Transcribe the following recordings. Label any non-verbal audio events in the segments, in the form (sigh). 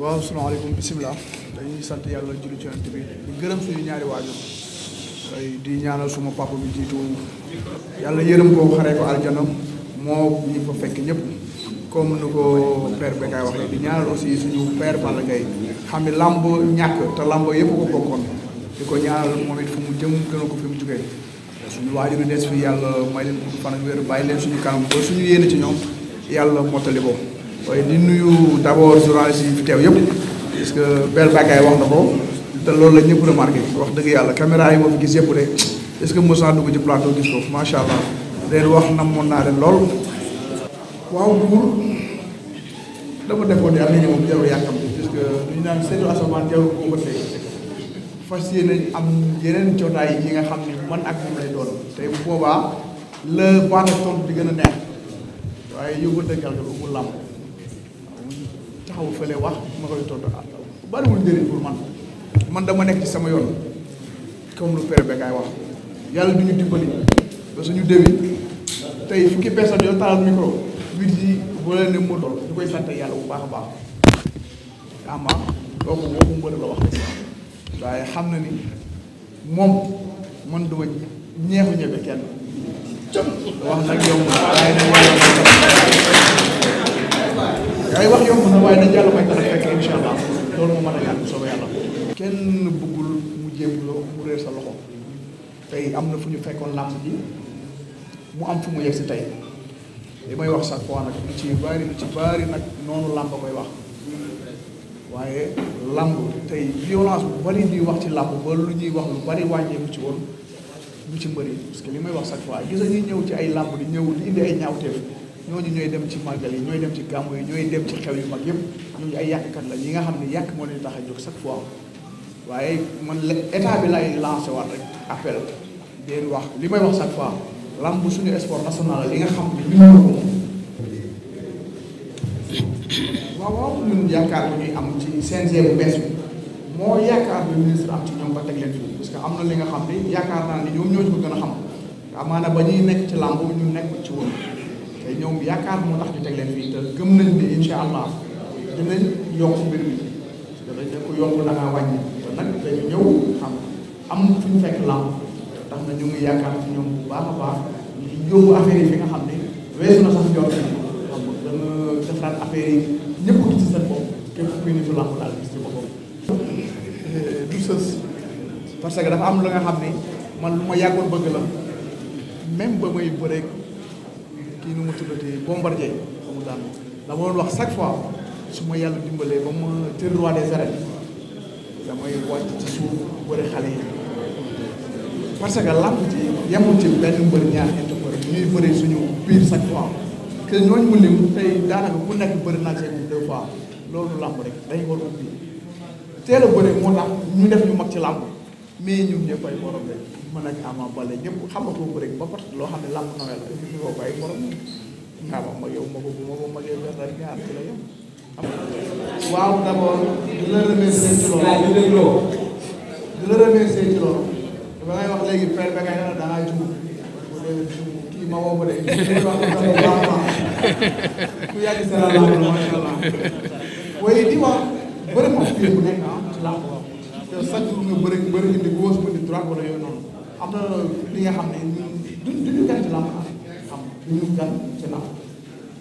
waaw salaamaaleykum bisimilah dañuy sant yàlla julli ci yonent bi di gërëm suñu ñaari waajur di ñaanal suma papa bi jiitu yàlla yërëm ko xare ko aljana moo ñi fa fekk ñëpp comme nu ko père Bekay waxee di ñaanal aussi suñu père Balla Gaye xam ne làmb ñàkk te làmb yëpp ko bokkoon di ko ñaanal moom it fu mu jëm gën a ko fi mu jugee suñu waajur des fi yàlla may leen gudd fan ak wér bàyyi leen suñu kanam ba suñu yéene ci ñoom yàlla mottali ko waaye di nuyu d' abord journaliste yi fi teew yëpp parce que benn Bakay wax na ko te loolu la ñëpp remarqué wax dëgg yàlla caméra yi ma fi gis yëpp de est ce que mos naa dugg ci plateau gis ko macha allah leen wax namoon naa leen lool. waaw buur dama defoon yàlla nit ñi moom jarul yàkkam parce que ñu naan seetu asamaan jarul ko bëttee fas yéene am yeneen jotaay yi nga xam ne man ak moom lay doon te bu boobaa la baata tontu di gën a neex waaye yóbbu dëggal ko bu taxaw fële wax ma koy tontu ah bariwul njëriñ pour man man dama nekk ci sama yoon comme lu père Bekaay wax yàlla du ñu dimbali ba suñu déwi tey fukki personne yoo taal micro biir yi boo leen moto ñu koy sant yàlla bu baax a baax ama kooku waxu mbër la wax waaye xam na ni moom man duma ñeexu ñebe kenn wax nag yow waaye nag waaye wax yomb na waaye dañ yàlla may dana fekk incha allah loolu moo mën a yàgg soobee yàlla. kenn bëggul mu jéem loo mu sa loxo tey am na fu ñu fekkoon làmb ji mu am fu mu yegg si tey li may wax chaque fois nag ci bari ci bari nag noonu làmb koy wax waaye làmb tey violence bu bari ñuy wax ci làmb ba lu ñuy wax lu bari wàññeeku ci woon lu ci mbëri parce que li may wax chaque fois gis nga ñuy ñëw ci ay làmb di ñëw di indi ay ñaawteef. ñooñu ñooy dem ci màggal yi ñooy dem ci gàmmu yi ñooy dem ci xew yu mag yëpp ñooñu ay yàqkat la ñi nga xam ne yàq moo leen tax a jóg chaque waaye man état bi lay lancé waat rek appel deen wax li may wax fois lamb suñu sport national li nga xam ne ñun ko moom waaw waaw ñun ci CNG bu moo yaakaar bi ministre am ci ñoom ba teg leen fi parce que am na li nga xam ne yaakaar naa ni ñoom ñoo ci ko gën a xam amaana ba ñuy nekk ci lamb ñu nekk ci woon te ñoom yaakaar moo tax ñu teg leen fii te gëm nañ ne incha allah dinañ yokk mbir mi danañ ne ko yokk da wàññi te nag ñëw xam am fu ñu fekk làmb tax na ngi yaakaar ci a baax fi nga xam ne weesu na sax njort nañ ko xam nga dana defaraat ñëpp gis ci seen bopp képp kuy nitu làmb daal gis ci boppam. du sës parce que dafa am lu nga xam ne man lu ma yàggoon bëgg la même ba may bëreeg. kii nu mu tuddatee bombardier ba mu daan dama doon wax chaque fois su ma yàlla dimbalee ba ma tër roi des arènes damay wàcc ci suuf bëri xale yi parce que làmb ci yemul ci benn mbër ñaar ñetti mbër ñuy bëri suñu biir chaque fois te ñooñu mu lim tey daanaka ku nekk bëri naa seen deux fois loolu làmb rek dañ war ubbi teel bëri moo tax ñu def ñu mag ci làmb mais ñun ñëpp ay borom rek mën ak Ama Baldé ñëpp xamatoo ko rek xam ne làmb na la ñu ko bàyyi ma ko bu ma ko magee ko ma fi lu nga ah, bëri bëri indi gauche ba di droite wala yooyu noonu am na li nga xam ne du du ñu gan ci làmb ah. am xam du ñu gan ci làmb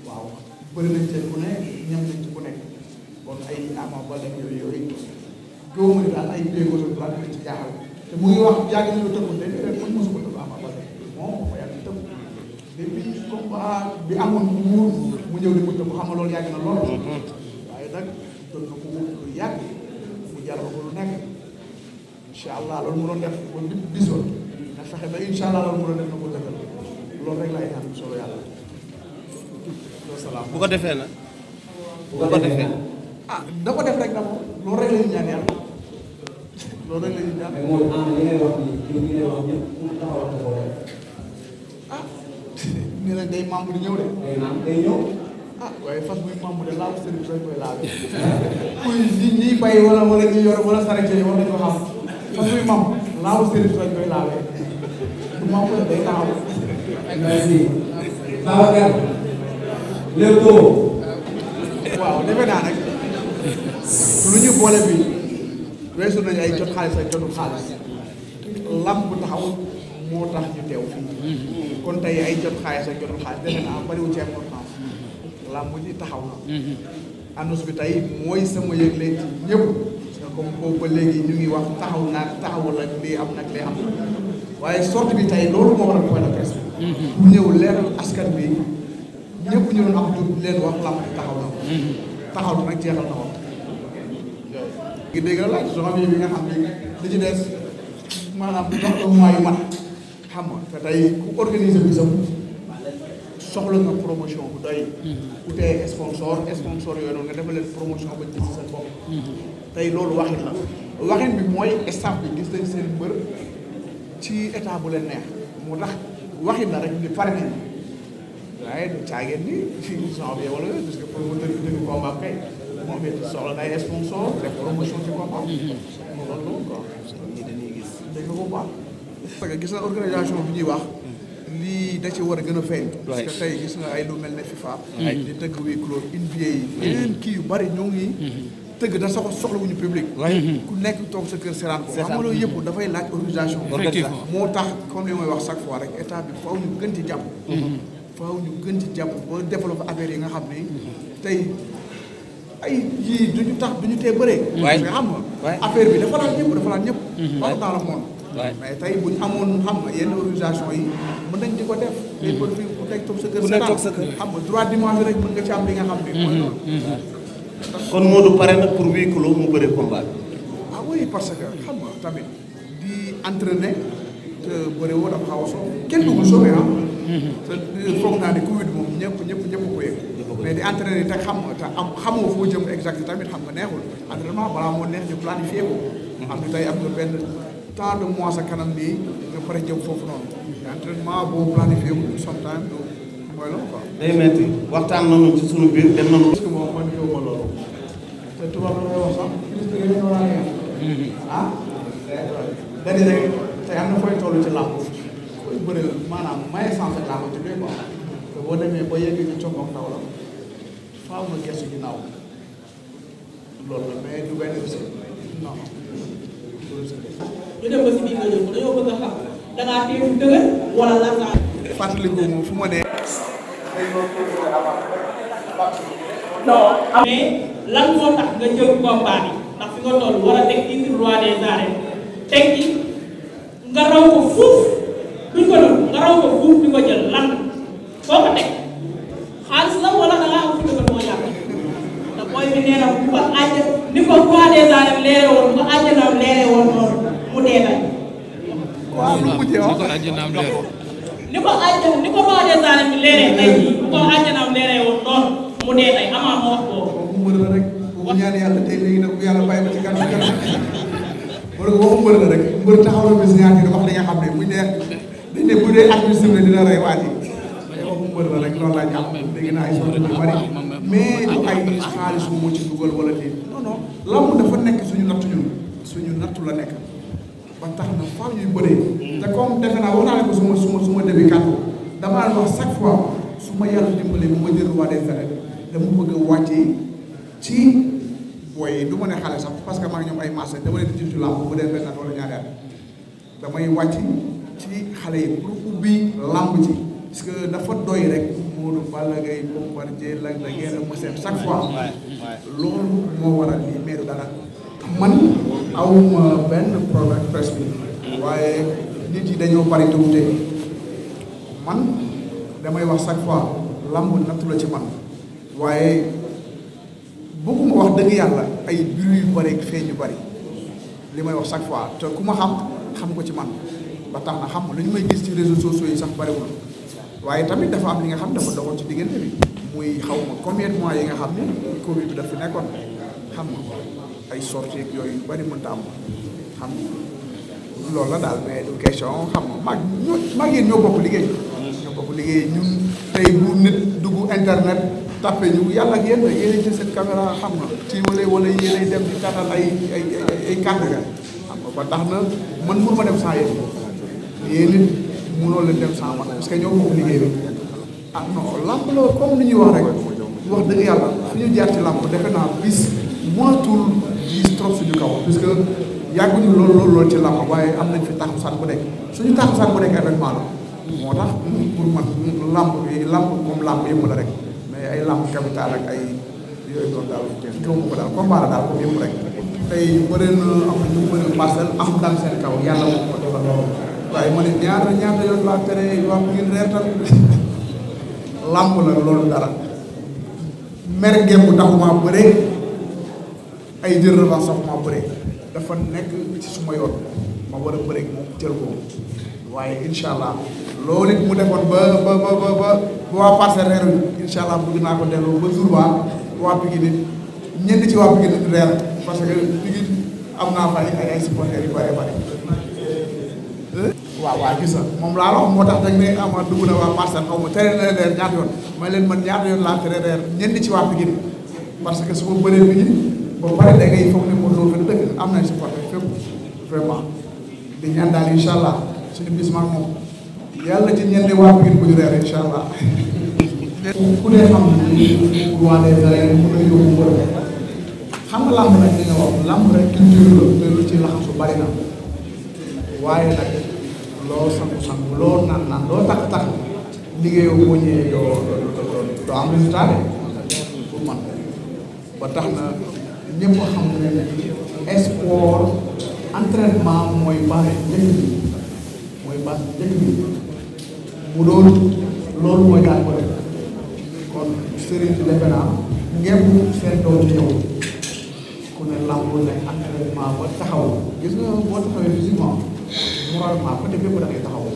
waaw bëri nañ ci ku ne ñam nañ ci ku nekk kon ay ama ba lañ yooyu yooyu góob ma ne daal ay béykat yu bëri mu ngi mu ñëw di ko tëgg xam nga loolu yàgg na lool waaye nag doon na ko lu yàgg mu jaral ko lu nekk incha allah loolu mu doon def ba bis bisoon fexe da incha allah loolu mën a def na ko defal loolu solo yàlla. salaam bu ko defee na bu ko defee ah da ko def rek dama loolu rek la ñuy ñaan yàlla loolu rek la ah nee nañ day membre di de. day membre ñëw. ah waaye fas muy membre de laaw sëriñ bi rek koy laal. kuy ñi ñiy bay yor wala sarañ yi war nañu moo ko day taxaw. merci. Babacar. Lepo. waaw defe naa boole bi weesu nañu ay jot xaalis ak jotu xaalis lamb bu taxaw moo tax ñu teew fii kon tey ay jot xaalis a jotu xaalis defe naa bariwul ci importance lamb ji taxaw na. annonce bi tey mooy sama yëgle ci ñëpp comme boobu léegi ñu ngi wax taxaw naa taxawul ak lii am nag lii am. waaye sorte bi tey loolu moo waral point de presse bu ñëw leeral askan bi ñëpp ñëw am du leen wax làmb taxaw na taxaw na nag jeexal na ko xam yi nga xam li ci des maanaam dox ko xam nga te tey ku organiser bisam soxla nga promotion bu doy utee sponsor sponsor yooyu noonu nga leen promotion ba gis seen mm-hmm. loolu waxin la waxin bi mooy staff bi gis nañ ci état bu leen neex mu tax waxin la rek ñu pare nañ waaye du caageen ni fii mu soob yow la parce que promoteur bi dëgg combat kay moom it soxla na ay sponsor def promotion ci combat mu mm-hmm. loolu loolu gis dañ ko baax parce gis na organisation bi ñuy wax mm-hmm. lii da ci war a gën a feeñ parce que gis nga ay lu mel ne FIFA mm-hmm. di tëgg wii clos NBA yi yeneen kii yu bari ñoo ngi tëgg da soxla soxlawuñu public. ku nekk toog sa kër seetaan ko. xam nga loolu yëpp dafay laaj organisation. moo tax comme li may wax chaque fois rek état bi faaw gën ci jàpp. Mhm. faaw gën ci jàpp ba développé affaire yi nga xam ne mhm. tey. ay yii duñu tax duñu tee bëree. waay xam nga affaire bi dafa laal ñëpp dafa laal ñëpp. waay wax la moom. mais tey buñ amoon xam nga yenn organisation yi mën nañ di ko def. tey ba fii ku sa kër. ku nekk toog sa kër xam nga droit dimanche rek mën nga ci am li nga xam ne. Mhm. mooy loolu. kon Modou pare na pour huis clos mu bëre combat ah oui parce que xam nga tamit di entraîner te bëre woo dafa xaw a soob kenn du ko soobee ah. Mm-hmm. foog naa ne Covid moom ñëpp ñëpp ñëpp ko yëg. mais di entraîner te xam te am xamoo foo jëm exact tamit xam nga neexul entraînement balaa moo neex ñu planifié ko. Mm-hmm. am na tey am na benn temps de mois sa kanam bi nga pare jëm foofu noonu. Mm-hmm. entraînement boo planifié ko sometime day metti waxtaan nañu ci sunu biir dem nañu. parce que moom man yow ma loolu. te tubaab la may wax sax. Mm-hmm. ah. da di rek te am na fooy toll ci làmb. koy bëri la maanaam maye sensé làmb te duy ko am. te boo demee ba yegg ñu cogoog ndaw la faaw nga gëstu ginnaaw loolu la mais du benn bés. non. ñu dem ba si biir nga ñëw dañoo bëgg a xam da ngaa teew dëgër wala lan laa. fàttaliku moom fu ma nee. non am tax nga jël combat bi ndax fi nga toll war a teg indi roi des arènes teg ci nga raw ko fuuf duñ nga raw ko fuuf jël lan foo ko teg xaalis la wala da ngaa am fi ko moo yàq te ni ko roi des leere woon ba àjjanaam leere woon noonu mu dee ni ko àjjana ni ko ma wax yàlla tey yàlla bàyyi ma ci kanam kanam ne rek mbër taxaw na bis ñaan yi wax li nga xam ne buñ dee dañ la rek naa ay solo mais du ay xaalis bu mu ci dugal wala déet non non lamb dafa nekk suñu nattu ñun suñu nattu la nekk ba tax na faaw ñuy bëree. te comme defe naa wax naa ne ko suma suma suma début damaa leen wax fois su ma yàlla dimbalee bu ma jël roi des ci booy yi du ma ne que maa ngi ñoom ay marché dama leen dee benn damay wàcc ci xale yi pour ubbi làmb ci parce que dafa doy rek. Modou Balla Gaye Bombardier Lac de Guiers Eumeu Sène chaque fois loolu moo waral lii mais du dara. man awuma benn problème presse bi waaye nit yi dañoo bari tuute man damay wax chaque fois lamb nattu la ci man waaye bëgguma wax dëgg yàlla ay bruit yu bari feeñ yu bari li may wax chaque fois te ku ma xam xam ko ci man ba tax na xam lu ñu may gis ci réseaux sociaux yi sax bariwul waaye tamit dafa am li nga xam dafa doxoon ci diggante bi muy xaw ma combien de yi nga xam ne Covid bi daf fi nekkoon xam nga ay sorties yooyu yu bari mënta am xam loolu la daal mais du xam nga maag ñoo maag yéen ñoo bokk liggéey ñun tey bu nit dugg internet tappe ñu yàlla ak yéen yéenay jël xam nga ci wala wala yéenay dem di ay ay ay kàndaga xam nga ba tax na man mënu ma dem sans yéen yéen it mënoo leen dem sans man parce que ñoo bokk liggéey bi ah non lamb la comme ni ñuy wax rek wax dëgg yàlla fi ñu jaar ci lamb defe naa bis motul diis trop suñu kaw puisque yàgguñu lool waaye am nañ fi taxusaan bu nekk suñu taxusaan bu nekk événement la moo tax pour man làmb bi làmb comme làmb yëpp la rek mais ay làmb capital ak ay yooyu doon daal gëmu ko daal combat la daal comme yëpp ñu bëri kaw yàlla moo ko loolu waaye ma ne ñaata ñaata yoon (laughs) la loolu dara mer ngeen bu taxumaa bëree ay jël revanche sax ma bëre dafa nekk ci suma yoon ma war a bëre moom jël ko waaye incha allah loolu it mu defoon ba ba ba ba ba bi incha allah bëgg ba jour ba waa Pikine ci waa Pikine nit reer parce que Pikine am naa fa ay ay supporters gis nga moom laa wax moo tax dañ ne a ah, dugg na waa parcelle xaw ma tere na reer yoon may leen man ñaata yoon laa tere reer ñenn ci waa Pikine parce que su ma bëree Pikine ba pare da ngay foog ne Modou Lo fi dëgg am nañ supporter fépp vraiment di ñaan daal incha allah suñu bis maa moom yàlla ci ñeenti waa biir bu ñu reer incha allah. ku ne xam ne waa des arènes mën na yóbbu mbër xam nga làmb rek li nga wax làmb rek culture la lu ci laxasu bari na waaye nag loo sangu-sangu loo naan naan loo tax tax liggéeyoo boo ñëwee doo doo doo am résultat de pour man ba tax na. ñëpp xam nga ne sport entraînement mooy baax njëkk bi mooy baax njëkk bi mu doon loolu mooy daal ko def kon sëriñ bi defe naa seen doom ci yow ku ne làmb ne entraînement ba taxaw gis nga boo taxawee physiquement moralement côté bépp da ngay taxaw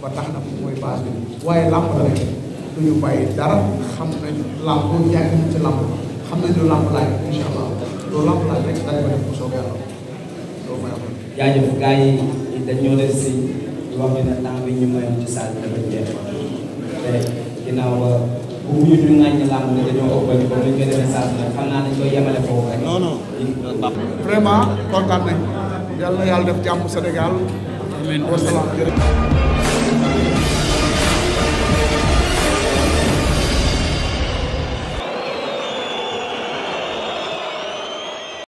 ba tax na mooy base bi waaye làmb la rek duñu bàyyi dara xam nañ làmb yàgg na ci làmb xam nañ lu làmb laaj incha allah loolu làmb laaj rek daañu ko def bu soobee yàlla loolu mooy am. jaajëf gars yi dañoo leen si wax ñu ne temps bi ñu mayoon ci salle bi dafa jeex te ginnaaw bu wuyu ñu naan ñu làmb ne dañoo ëppal ko ñu ko defee salle nag xam naa dañ koy yemale foofu rek. non non vraiment kontaan nañ yàlla yàlla def jàmm Sénégal. amiin wasalaam jërëjëf.